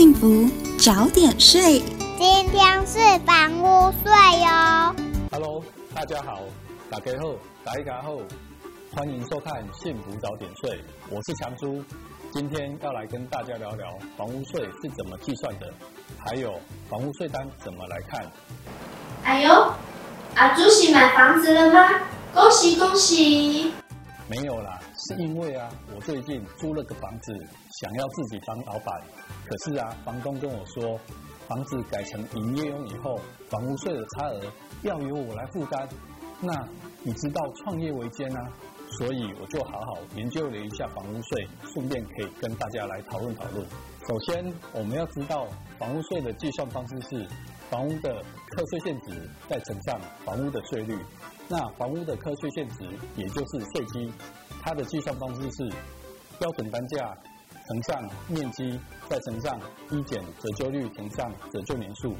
幸福找點稅。今天是房屋稅喲、哦。Hello，大家好，大家好，大家好，歡迎收看《幸福找點稅》，我是強叔。今天要來跟大家聊聊房屋稅是怎麼計算的，還有房屋稅單怎麼來看。哎呦，阿朱是買房子了嗎？恭喜恭喜！沒有啦，是因為啊，我最近租了個房子，想要自己當老闆，可是啊，房東跟我說，房子改成營業用以後，房屋稅的差額要由我來負擔。那你知道創業維艱啊，所以我就好好研究了一下房屋稅，順便可以跟大家來討論討論。首先，我們要知道房屋稅的計算方式是房屋的課稅現值再乘上房屋的稅率。那房屋的課稅現值，也就是稅基，它的計算方式是標準單價乘上面積，再乘上一減折舊率乘上折舊年數，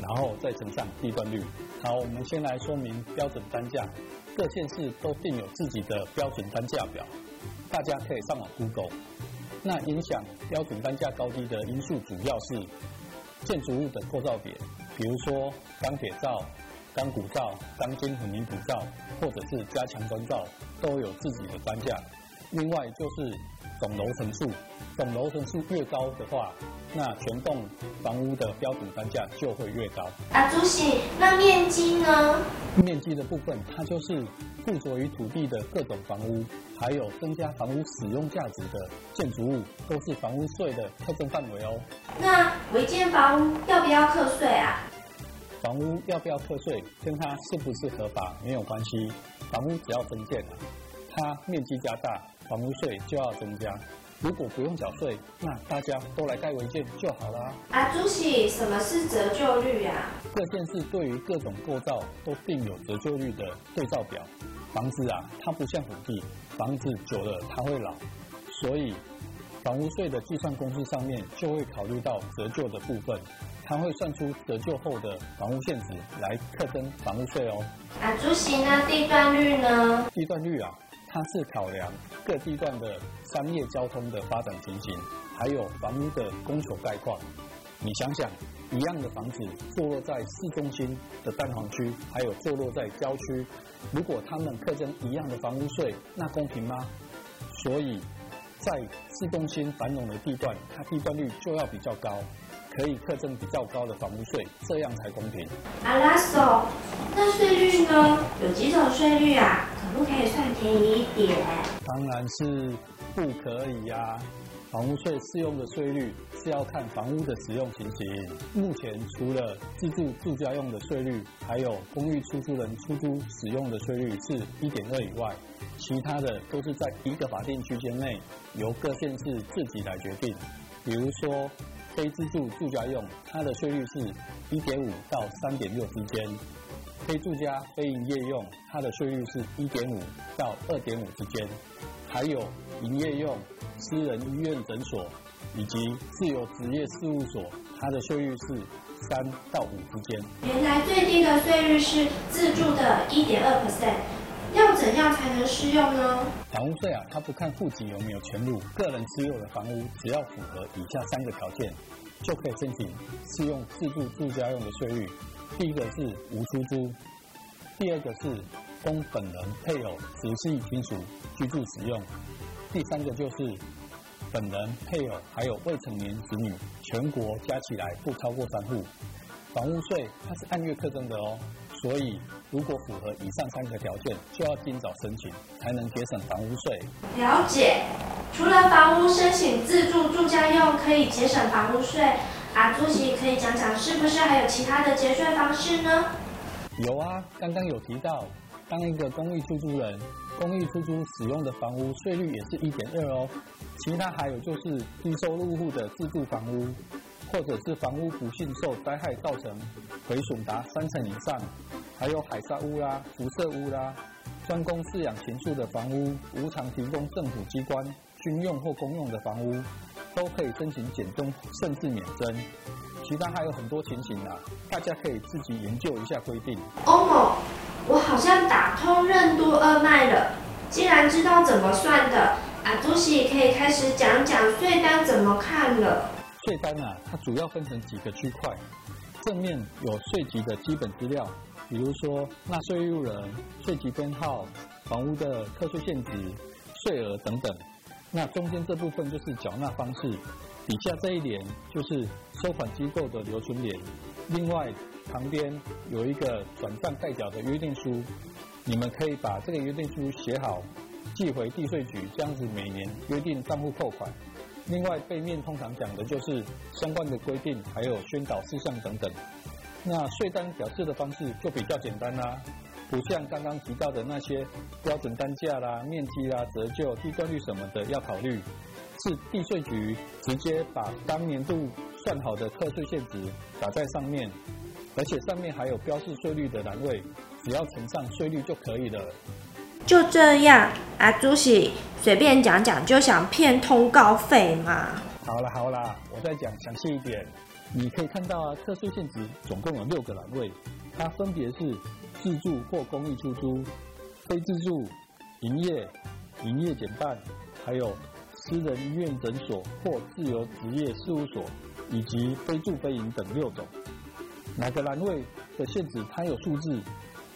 然後再乘上地段率。好，我們先來說明標準單價，各縣市都訂有自己的標準單價表，大家可以上網 Google。那影響標準單價高低的因素主要是建築物的構造點，比如說鋼鐵造。鋼骨造、鋼筋混凝土造，或者是加強磚造，都有自己的單價。另外就是總樓層數，總樓層數越高的話，那全棟房屋的標準單價就會越高。啊，主席，那面積呢？面積的部分，它就是附着於土地的各種房屋，還有增加房屋使用價值的建築物，都是房屋稅的課徵範圍哦。那違建房屋要不要課稅啊？房屋要不要課稅，跟它是不是合法沒有關係。房屋只要增建、啊，它面積加大，房屋稅就要增加。如果不用繳稅，那大家都來蓋違建就好啦、啊。啊，主席，什麼是折舊率呀、啊？各縣市對於各種構造都定有折舊率的對照表。房子啊，它不像土地，房子久了它會老，所以房屋稅的計算公式上面就會考慮到折舊的部分。他會算出折舊後的房屋現值來課徵房屋稅哦。啊租呢？那地段率呢？地段率啊，它是考量各地段的商業、交通的發展情形，還有房屋的供求概況。你想想，一樣的房子坐落在市中心的蛋黃區，還有坐落在郊區，如果他們課徵一樣的房屋稅，那公平嗎？所以在市中心繁榮的地段，它地段率就要比較高。可以課徵比較高的房屋稅，這樣才公平。阿拉斯，那稅率呢？有幾種稅率啊？可不可以算便宜一點？當然是不可以呀、啊。房屋稅適用的稅率是要看房屋的使用情形。目前除了自住住家用的稅率，還有公寓出租人出租使用的稅率是一點二以外，其他的都是在一個法定區間內，由各縣市自己來決定。比如說，非自住住家用，它的稅率是1.5到3.6之間；非住家非營業用，它的稅率是1.5到2.5之間；還有營業用、私人醫院診所以及自由職業事務所，它的稅率是3到5之間。原來最低的稅率是自住的1.2%。那才能適用呢？房屋稅啊，它不看戶籍有沒有遷入，個人持有的房屋只要符合以下三個條件，就可以申請適用自住住家用的稅率。第一個是無出租，第二個是供本人、配偶、直系親屬居住使用，第三個就是本人、配偶還有未成年子女，全國加起來不超過三戶。房屋稅它是按月課徵的哦。所以，如果符合以上三個條件，就要盡早申請，才能節省房屋稅。了解。除了房屋申請自住住家用，可以節省房屋稅，啊，揪西可以講講是不是還有其他的節稅方式呢？有啊，剛剛有提到，當一個公益出租人，公益出租使用的房屋稅率也是一點二哦。其他還有就是低收入戶的自住房屋。或者是房屋不幸受災害造成毀損達三成以上，還有海砂屋啦、輻射屋啦，專供飼養禽畜的房屋，無償提供政府機關、軍用或公用的房屋，都可以申請減徵，甚至免徵。其他還有很多情形啊，大家可以自己研究一下規定。歐某，我好像打通任督二脈了，既然知道怎麼算的。阿朱喜可以開始講講稅單怎麼看了。稅單啊，它主要分成幾個區塊。正面有稅籍的基本資料，比如說納稅義務人、稅籍編號、房屋的課稅現值、稅額等等。那中間這部分就是繳納方式，底下這一聯就是收款機構的留存聯。另外旁邊有一個轉賬代繳的約定書，你們可以把這個約定書寫好，寄回地稅局，這樣子每年約定賬戶扣款。另外，背面通常講的就是相關的規定，還有宣導事項等等。那稅單表示的方式就比較簡單啦、啊，不像剛剛提到的那些標準單價啦、面積啦、啊、折舊、地段率什麼的要考慮。是地稅局直接把當年度算好的課稅現值打在上面，而且上面還有標示稅率的欄位，只要乘上稅率就可以了。就這樣，阿揪西隨便講講就想騙通告費嘛？好啦好啦，我再講詳細一點。你可以看到啊，課稅現值總共有六個欄位，它分別是自住或公益出租、非自住、營業、營業減半，還有私人醫院診所或自由職業事務所以及非住非營等六種。哪個欄位的現值它有數字？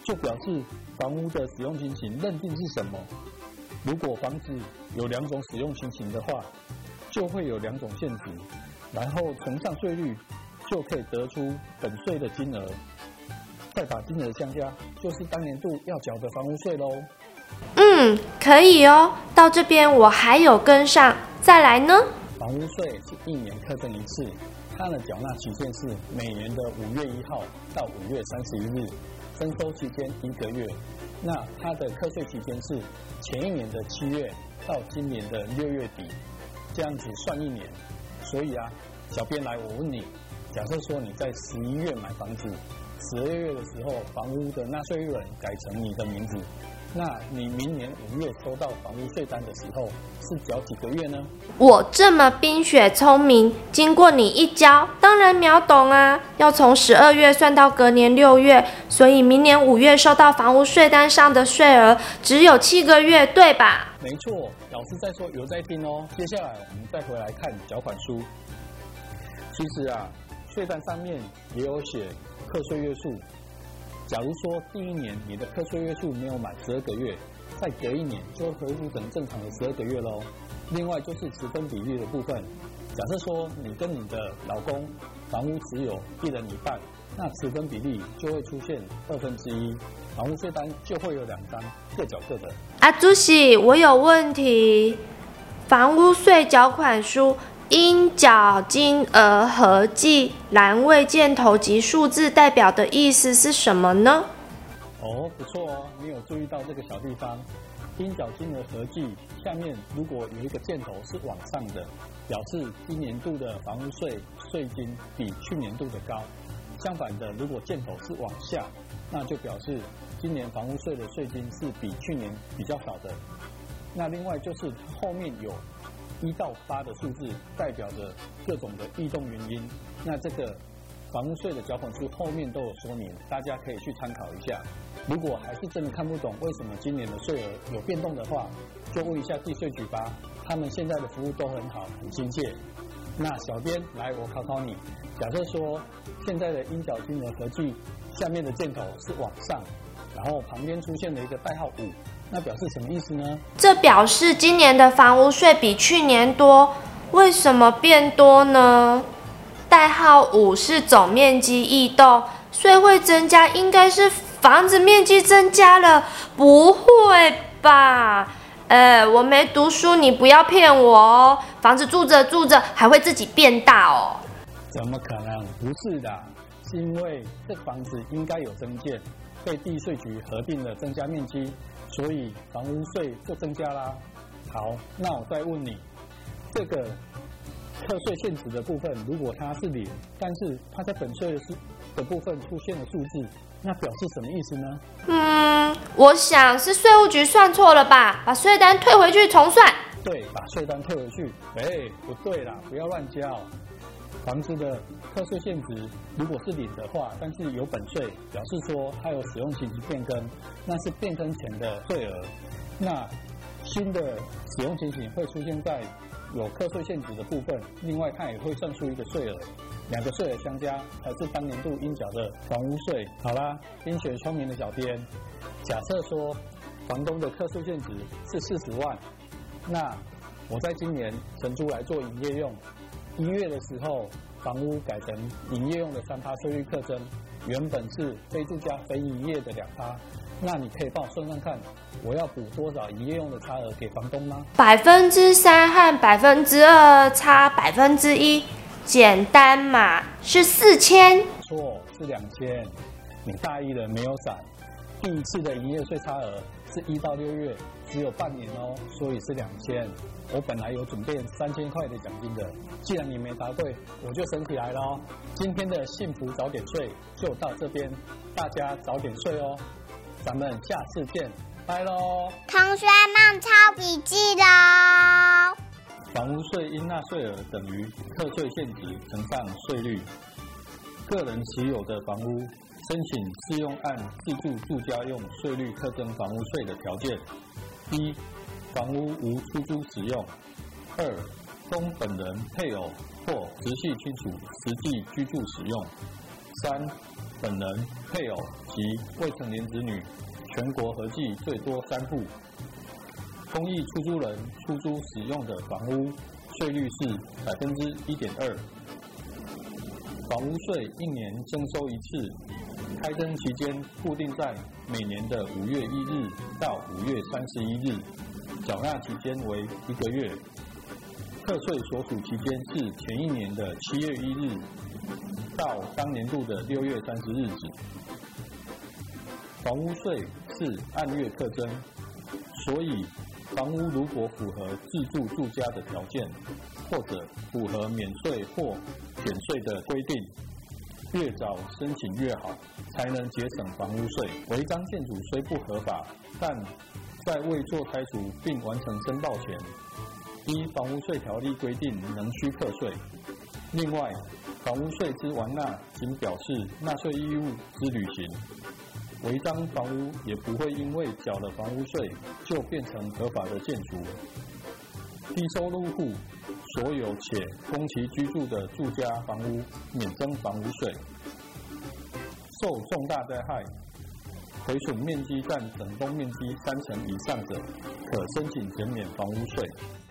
就表示房屋的使用情形認定是什麼？如果房子有兩種使用情形的話，就會有兩種現值，然後乘上稅率，就可以得出本稅的金額，再把金額相加，就是當年度要繳的房屋稅嘍。嗯，可以哦。到這邊我還有跟上，再來呢。房屋稅是一年課徵一次，它的繳納期限是每年的五月一號到五月三十一日。徵收期間一個月，那它的課稅期間是前一年的七月到今年的六月底，這樣子算一年。所以啊，小編來，我問你，假設說你在十一月買房子，十二月的時候，房屋的納稅人改成你的名字。那你明年五月收到房屋稅單的時候，是繳幾個月呢？我這麼冰雪聰明，經過你一教，當然秒懂啊！要從十二月算到隔年六月，所以明年五月收到房屋稅單上的稅額只有七個月，對吧？沒錯，老師在說有在聽哦。接下來我們再回來看繳款書。其實啊，稅單上面也有寫課稅月數。假如說第一年你的課稅月數沒有滿十二個月，再隔一年就會恢復成正常的十二個月嘍。另外就是持分比例的部分，假設說你跟你的老公房屋持有一人一半，那持分比例就會出現二分之一，房屋稅單就會有兩張，各繳各的。啊，主席，我有問題，房屋稅繳款書。應繳金額合計，欄位，箭頭及數字代表的意思是什麼呢？哦，不錯哦，你有注意到這個小地方。應繳金額合計下面如果有一個箭頭是往上的，表示今年度的房屋稅稅金比去年度的高；相反的，如果箭頭是往下，那就表示今年房屋稅的稅金是比去年比較少的。那另外就是後面有。一到八的數字代表着各種的異動原因，那這個房屋稅的繳款書後面都有說明，大家可以去參考一下。如果還是真的看不懂為什麼今年的稅額有變動的話，就問一下地稅局吧，他們現在的服務都很好，很親切。那小編來，我考考你，假設說現在的應繳金額合計，下面的箭頭是往上。然後旁邊出現了一個代號五，那表示什麼意思呢？這表示今年的房屋稅比去年多，為什麼變多呢？代號五是總面積異動，稅會增加，應該是房子面積增加了。不會吧？呃，我沒讀書，你不要騙我哦。房子住着住着還會自己變大哦。怎麼可能？不是的，是因為這房子應該有增建。被地稅局合併了，增加面積，所以房屋稅就增加啦。好，那我再問你，這個課稅現值的部分，如果它是零，但是它在本稅是的，的部分出現了數字，那表示什麼意思呢？嗯，我想是稅務局算錯了吧，把稅單退回去重算。對，把稅單退回去。哎、欸，不對啦，不要亂交。房子的課稅限值如果是零的話，但是有本稅，表示說它有使用情形變更，那是變更前的稅額，那新的使用情形會出現在有課稅限值的部分，另外它也會算出一個稅額，兩個稅額相加才是當年度應繳的房屋稅。好啦，冰雪聰明的小編，假設說房東的課稅限值是四十萬，那我在今年承租來做營業用。一月的時候，房屋改成營業用的三趴稅率課徵，原本是非住家非營業的兩趴，那你可以幫我算算看，我要補多少營業用的差額給房東嗎？百分之三和百分之二差百分之一，簡單嘛，是四千。錯是兩千，你大意了沒有閃，第一次的營業稅差額。是一到六月，只有半年哦，所以是兩千。我本來有準備三千塊的獎金的，既然你沒答對，我就省起來咯、哦。今天的幸福找點稅，就到這邊，大家早點睡哦。咱們下次見，拜嘍！同學們抄筆記嘍。房屋稅應納稅額等於課稅現值乘上稅率。個人持有的房屋。申請適用按自住住家用稅率特徵房屋稅的條件：一、房屋無出租使用；二、供本人、配偶、或直系親屬實際居住使用；三、本人、配偶及未成年子女全國合計最多三戶。公益出租人出租使用的房屋，稅率是百分之一點二。房屋稅一年徵收一次。開徵期間固定在每年的五月一日到五月三十一日，繳納期間為一個月，課稅所屬期間是前一年的七月一日到當年度的六月三十日止。房屋稅是按月課徵，所以房屋如果符合自住住家的條件，或者符合免稅或減稅的規定。越早申請越好，才能節省房屋稅。違章建築雖不合法，但在未做拆除並完成申報前，依房屋稅條例規定仍需課稅。另外，房屋稅之完納，僅表示納稅義務之履行。違章房屋也不會因為繳了房屋稅，就變成合法的建築。低收入戶，所有且供其居住的住家房屋免徵房屋稅。受重大災害，毀損面積占整棟面積三成以上者，可申請減免房屋稅。